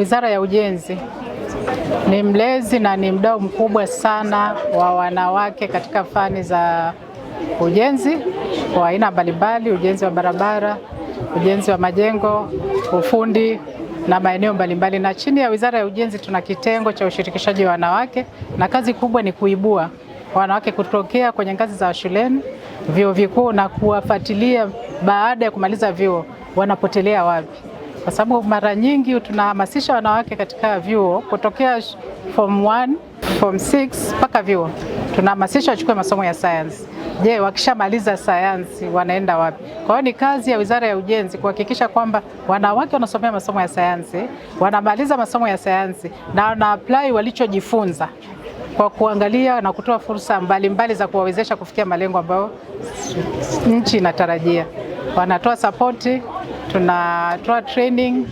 Wizara ya Ujenzi ni mlezi na ni mdau mkubwa sana wa wanawake katika fani za ujenzi kwa aina mbalimbali: ujenzi wa barabara, ujenzi wa majengo, ufundi na maeneo mbalimbali. Na chini ya Wizara ya Ujenzi tuna kitengo cha ushirikishaji wa wanawake, na kazi kubwa ni kuibua wanawake kutokea kwenye ngazi za shuleni, vyuo vikuu na kuwafuatilia baada ya kumaliza vyuo, wanapotelea wapi kwa sababu mara nyingi tunahamasisha wanawake katika vyuo kutokea form 1 form 6 mpaka vyuo, tunahamasisha wachukue masomo ya sayansi. Je, wakishamaliza sayansi wanaenda wapi? Kwa hiyo ni kazi ya Wizara ya Ujenzi kuhakikisha kwamba wanawake wanasomea masomo ya sayansi, wanamaliza masomo ya sayansi na wana apply walichojifunza kwa kuangalia na kutoa fursa mbalimbali mbali za kuwawezesha kufikia malengo ambayo nchi inatarajia. Wanatoa sapoti tunatoa training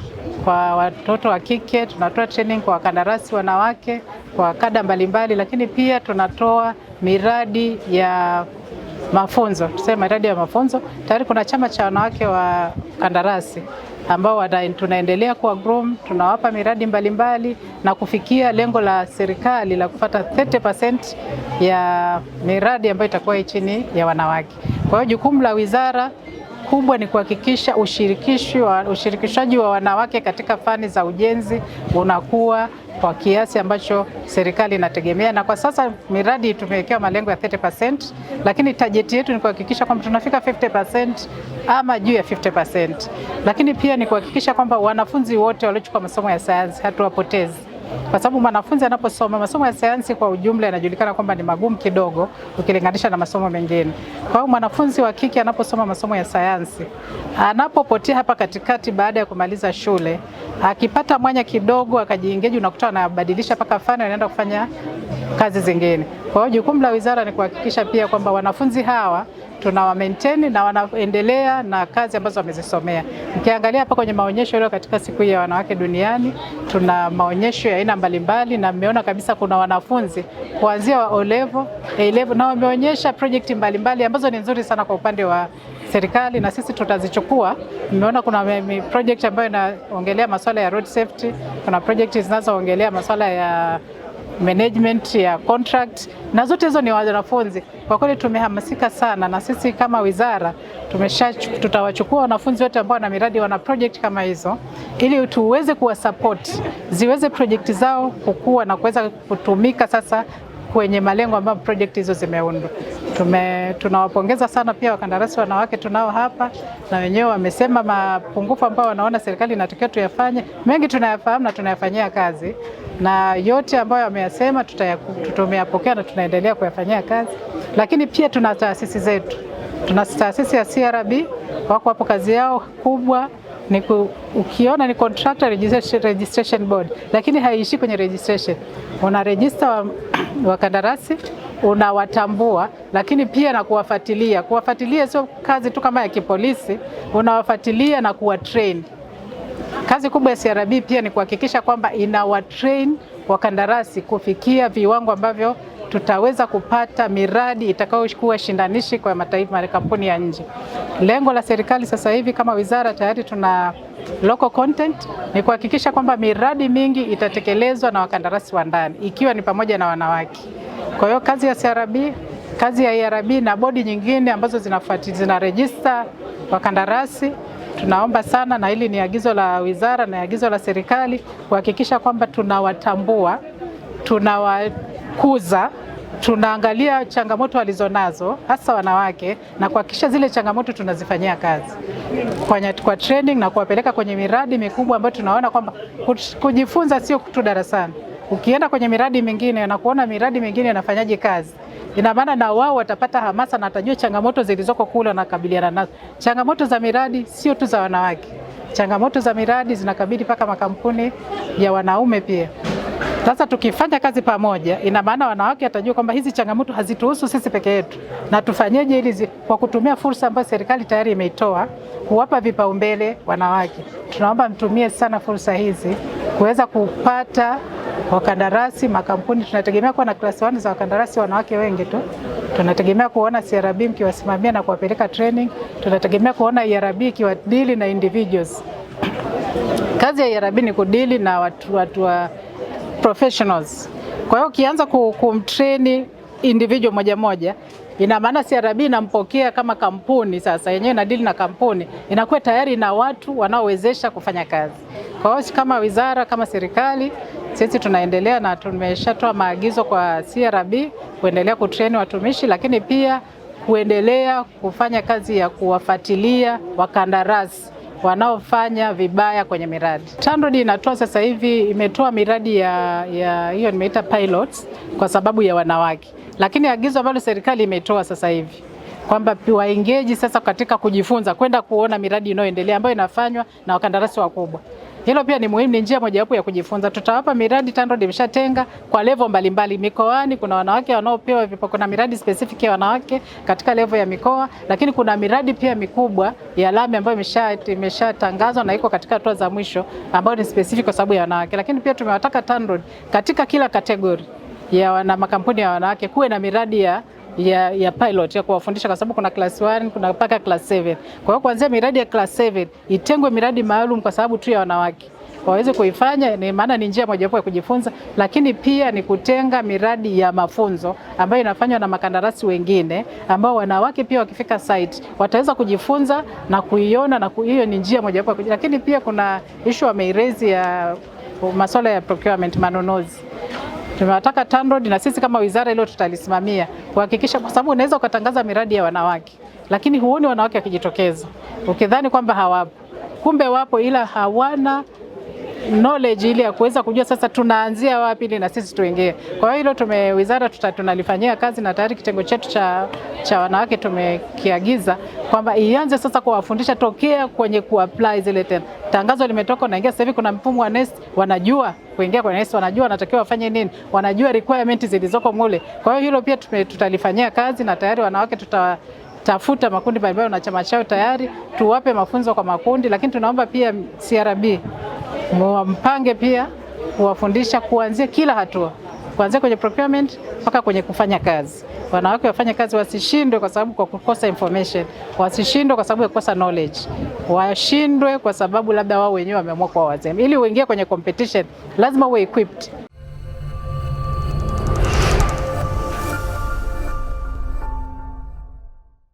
kwa watoto wa kike, tunatoa training kwa wakandarasi wanawake kwa kada mbalimbali, lakini pia tunatoa miradi ya mafunzo, tuseme miradi ya mafunzo. Tayari kuna chama cha wanawake wa kandarasi ambao tunaendelea kuwa groom, tunawapa miradi mbalimbali mbali, na kufikia lengo la serikali la kupata 30% ya miradi ambayo itakuwa chini ya wanawake. Kwa hiyo jukumu la wizara kubwa ni kuhakikisha ushirikishaji wa wanawake katika fani za ujenzi unakuwa kwa kiasi ambacho serikali inategemea, na kwa sasa miradi tumewekewa malengo ya 30%, lakini tajeti yetu ni kuhakikisha kwamba tunafika 50% ama juu ya 50%. Lakini pia ni kuhakikisha kwamba wanafunzi wote waliochukua masomo ya sayansi hatuwapotezi kwa sababu mwanafunzi anaposoma masomo ya sayansi kwa ujumla yanajulikana kwamba ni magumu kidogo ukilinganisha na masomo mengine. Kwa hiyo mwanafunzi wa kike anaposoma masomo ya sayansi, anapopotea hapa katikati baada ya kumaliza shule, akipata mwanya kidogo akajiingeji, unakuta anabadilisha mpaka fani, anaenda kufanya kazi zingine. Kwa hiyo jukumu la wizara ni kuhakikisha pia kwamba wanafunzi hawa tunawa maintain na wanaendelea na kazi ambazo wamezisomea. Ukiangalia hapa kwenye maonyesho leo katika siku ya wanawake duniani, tuna maonyesho ya aina mbalimbali, na mmeona kabisa kuna wanafunzi kuanzia wa O level, A level na wameonyesha project mbalimbali ambazo ni nzuri sana kwa upande wa serikali na sisi tutazichukua. Mmeona kuna project ambayo inaongelea masuala ya road safety, kuna project zinazoongelea masuala ya management ya contract na zote hizo ni wanafunzi. Kwa kweli tumehamasika sana, na sisi kama wizara tumesha, tutawachukua wanafunzi wote ambao wana miradi, wana project kama hizo, ili tuweze support ziweze project zao kukua na kuweza kutumika sasa kwenye malengo ambayo project hizo zimeundwa. Tume, tunawapongeza sana pia wakandarasi wanawake tunao hapa, na wenyewe wamesema mapungufu ambayo wanaona serikali inatakiwa tuyafanye. Mengi tunayafahamu na tunayafanyia kazi na yote ambayo ameyasema tumeyapokea na tunaendelea kuyafanyia kazi, lakini pia tuna taasisi zetu. Tuna taasisi ya CRB wako hapo, kazi yao kubwa ni ku, ukiona ni contractor registration, registration board, lakini haiishi kwenye registration. Una register wakandarasi wa unawatambua, lakini pia na kuwafuatilia. Kuwafuatilia sio kazi tu kama ya kipolisi, unawafuatilia na kuwatrain Kazi kubwa ya CRB pia ni kuhakikisha kwamba inawatrain wakandarasi kufikia viwango ambavyo tutaweza kupata miradi itakayokuwa shindanishi kwa mataifa na kampuni ya nje. Lengo la serikali sasa hivi kama wizara tayari tuna local content ni kuhakikisha kwamba miradi mingi itatekelezwa na wakandarasi wa ndani ikiwa ni pamoja na wanawake. Kwa hiyo kazi ya CRB, kazi ya IRB na bodi nyingine ambazo zinafuatilia zinarejista wakandarasi Tunaomba sana, na hili ni agizo la wizara na agizo la serikali kuhakikisha kwamba tunawatambua, tunawakuza tunaangalia changamoto walizonazo hasa wanawake na kuhakikisha zile changamoto tunazifanyia kazi kwa, kwa training na kuwapeleka kwenye miradi mikubwa ambayo tunaona kwamba kujifunza sio tu darasani ukienda kwenye miradi mingine na kuona miradi mingine inafanyaje kazi, ina maana na wao watapata hamasa na watajua changamoto zilizoko kule wanakabiliana nazo. Changamoto za miradi sio tu za wanawake, changamoto za miradi zinakabili mpaka makampuni ya wanaume pia. Sasa tukifanya kazi pamoja, ina maana wanawake watajua kwamba hizi changamoto hazituhusu sisi peke yetu, na tufanyeje ili kwa kutumia fursa ambayo serikali tayari imeitoa kuwapa vipaumbele wanawake. Tunaomba mtumie sana fursa hizi kuweza kupata wakandarasi, makampuni tunategemea kuwa na klasi 1 za wakandarasi wanawake wengi tu. Tunategemea kuona CRB mkiwasimamia na kuwapeleka training. Tunategemea kuona ERB ikiwadili na individuals. Kazi ya IRB e ni kudili na watu, watu wa professionals. Kwa hiyo ukianza kumtrain individual moja moja ina maana CRB inampokea kama kampuni sasa, yenyewe inadili na kampuni, inakuwa tayari na watu wanaowezesha kufanya kazi. Kwa hiyo kama wizara, kama serikali, sisi tunaendelea na tumeshatoa maagizo kwa CRB kuendelea kutrain watumishi, lakini pia kuendelea kufanya kazi ya kuwafuatilia wakandarasi wanaofanya vibaya kwenye miradi. TANROADS inatoa sasa hivi imetoa miradi ya, ya hiyo nimeita pilots kwa sababu ya wanawake, lakini agizo ambalo serikali imetoa sasa hivi kwamba waingeji sasa katika kujifunza kwenda kuona miradi inayoendelea ambayo inafanywa na wakandarasi wakubwa. Hilo pia ni muhimu, ni njia mojawapo ya kujifunza. Tutawapa miradi TANROADS imeshatenga kwa levo mbalimbali. Mikoani kuna wanawake wanaopewa vipo, kuna miradi specific ya wanawake katika levo ya mikoa, lakini kuna miradi pia mikubwa ya lami ambayo imeshatangazwa na iko katika hatua za mwisho ambayo ni specific kwa sababu ya wanawake. Lakini pia tumewataka TANROADS katika kila kategori ya wana makampuni ya wanawake kuwe na miradi ya ya, ya pilot ya kuwafundisha kwa sababu kuna class 1 kuna mpaka class 7. Kwa hiyo kuanzia miradi ya class 7 itengwe miradi maalum kwa sababu tu ya wanawake waweze kuifanya, ni maana ni njia mojawapo ya kujifunza, lakini pia ni kutenga miradi ya mafunzo ambayo inafanywa na makandarasi wengine ambao wanawake pia wakifika site wataweza kujifunza na kuiona, na hiyo ni njia mojawapo. Lakini pia kuna issue wameirezi ya masuala ya procurement, manunuzi tunataka TANROADS na sisi kama wizara hilo tutalisimamia kuhakikisha, kwa sababu unaweza ukatangaza miradi ya wanawake, lakini huoni wanawake wakijitokeza, ukidhani kwamba hawapo, kumbe wapo, ila hawana knowledge ili ya kuweza kujua sasa tunaanzia wapi ili na sisi tuingie. Kwa hiyo hilo tume wizara tunalifanyia kazi na tayari kitengo chetu cha, cha wanawake tumekiagiza kwamba ianze sasa kuwafundisha tokea kwenye kuapply zile tena. Tangazo limetoka naingia sasa hivi, kuna mfumo wa NeST, wanajua kuingia kwenye NeST, wanajua wanatakiwa wafanye nini, wanajua requirement zilizoko mule. Kwa hiyo hilo pia tutalifanyia kazi na tayari wanawake tuta tafuta makundi mbalimbali na chama chao tayari tuwape mafunzo kwa makundi, lakini tunaomba pia CRB mpange pia kuwafundisha kuanzia kila hatua, kuanzia kwenye procurement mpaka kwenye kufanya kazi. Wanawake wafanye kazi, wasishindwe kwa sababu kwa kukosa information, wasishindwe kwa sababu ya kukosa knowledge, washindwe kwa sababu labda wao wenyewe wameamua kuwa wazee. Ili uingie kwenye competition, lazima uwe equipped.